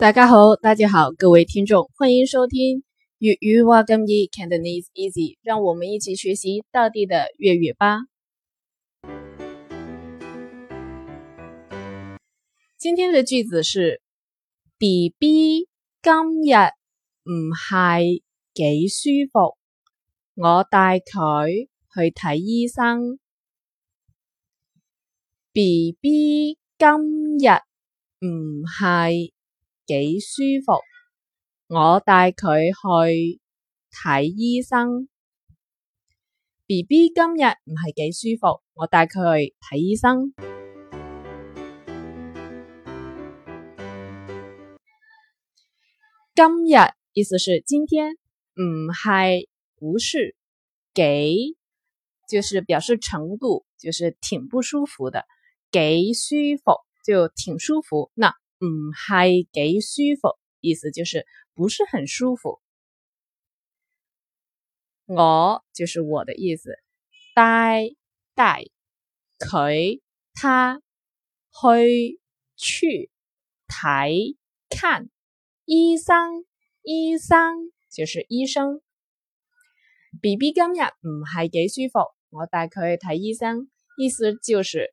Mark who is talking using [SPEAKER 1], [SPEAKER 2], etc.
[SPEAKER 1] 大家好，大家好，各位聽眾，歡迎收聽粵語話咁易，Cantonese Easy，讓我們一起學習地道的粵語吧。今天的句子是：BB 今日唔係幾舒服，我帶佢去睇醫生。BB 今日唔係。幾舒服，我帶佢去睇醫生。BB 今日唔係幾舒服，我帶佢去睇醫生。今日意思是今天，唔係不是幾，就是表示程度，就是挺不舒服的。幾舒服就挺舒服，那。唔係幾舒服，意思就是不是很舒服。我就是我的意思。帶帶佢他去去睇看，看醫生，醫生就是醫生。BB 今日唔係幾舒服，我帶佢去睇醫生，意思就是。